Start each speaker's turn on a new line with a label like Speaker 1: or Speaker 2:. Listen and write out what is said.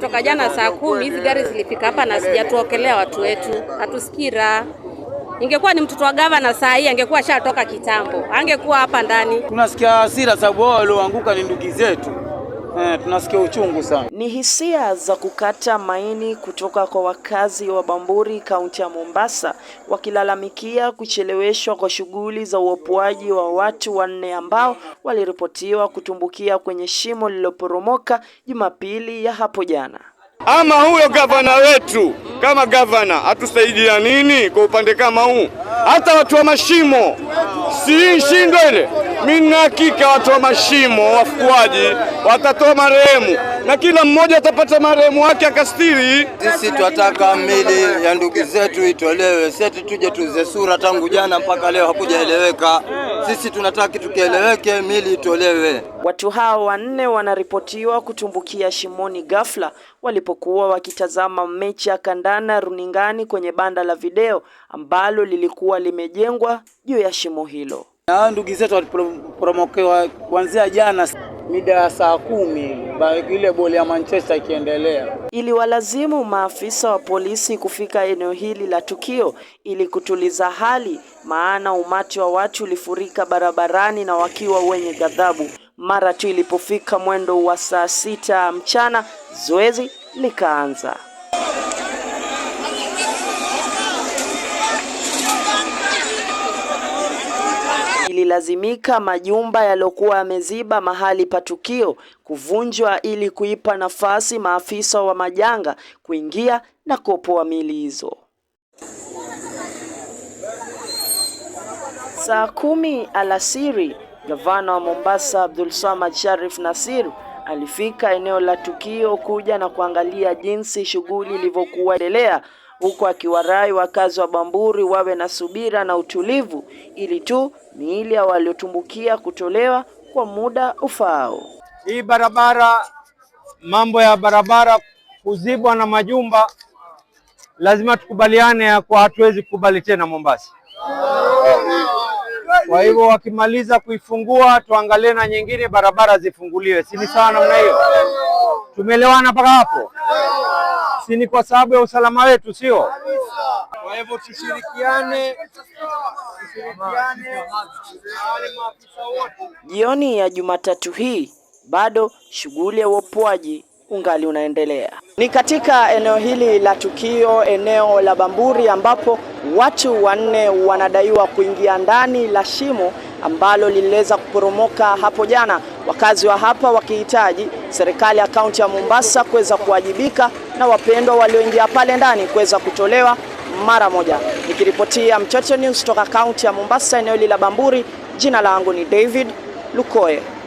Speaker 1: Toka jana saa kumi hizi gari zilifika hapa na sijatuokelea watu wetu, hatusikii raha. Ingekuwa ni mtoto wa gavana saa hii angekuwa ashatoka kitambo, angekuwa hapa ndani.
Speaker 2: Tunasikia hasira sababu wao walioanguka ni ndugu zetu eh, tunasikia uchungu sana.
Speaker 1: Ni hisia za kukata maini kutoka kwa wakazi wa Bamburi kaunti ya Mombasa wakilalamikia kucheleweshwa kwa shughuli za uopoaji wa watu wanne ambao waliripotiwa kutumbukia kwenye shimo lililoporomoka Jumapili ya hapo jana.
Speaker 2: Ama huyo gavana wetu kama gavana hatusaidia nini kwa upande kama huu? Hata watu wa mashimo si shindwe ile mimi nina hakika watu wa mashimo, wafukuaji watatoa marehemu na kila mmoja atapata marehemu wake akastiri.
Speaker 3: Sisi twataka mili ya ndugu zetu itolewe, seti tuje tuze sura, tangu jana mpaka leo hakujaeleweka. Sisi tunataka tukieleweke mili itolewe.
Speaker 1: Watu hao wanne wanaripotiwa kutumbukia shimoni ghafla walipokuwa wakitazama mechi ya kandanda runingani kwenye banda la video ambalo lilikuwa limejengwa juu ya shimo hilo.
Speaker 2: Na ndugu zetu waliporomokewa kuanzia jana mida ya saa kumi ile boli ya Manchester ikiendelea.
Speaker 1: Iliwalazimu maafisa wa polisi kufika eneo hili la tukio ili kutuliza hali, maana umati wa watu ulifurika barabarani na wakiwa wenye ghadhabu. Mara tu ilipofika mwendo wa saa sita mchana, zoezi likaanza. walilazimika majumba yaliyokuwa yameziba mahali pa tukio kuvunjwa ili kuipa nafasi maafisa wa majanga kuingia na kuopoa miili hizo. Saa kumi alasiri, gavana wa Mombasa Abdul Samad Sharif Nasir alifika eneo la tukio kuja na kuangalia jinsi shughuli ilivyokuwa endelea huku akiwarai wakazi wa Bamburi wawe na subira na utulivu ili tu miili ya waliotumbukia kutolewa kwa muda ufaao.
Speaker 2: Hii barabara, mambo ya barabara kuzibwa na majumba, lazima tukubaliane ya kwa hatuwezi kukubali tena Mombasa. Kwa hivyo wakimaliza kuifungua tuangalie na nyingine barabara zifunguliwe, si ni sawa namna hiyo? Tumeelewana mpaka hapo? si ni kwa sababu ya usalama wetu, sio? Kwa hivyo tushirikiane,
Speaker 1: Jioni ya Jumatatu hii bado shughuli ya uopoaji ungali unaendelea. Ni katika eneo hili la tukio, eneo la Bamburi, ambapo watu wanne wanadaiwa kuingia ndani la shimo ambalo liliweza kuporomoka hapo jana, wakazi wa hapa wakihitaji serikali ya kaunti ya Mombasa kuweza kuwajibika na wapendwa walioingia pale ndani kuweza kutolewa mara moja. Nikiripotia Mchocho News kutoka kaunti ya Mombasa, eneo la Bamburi, jina langu ni David Lukoe.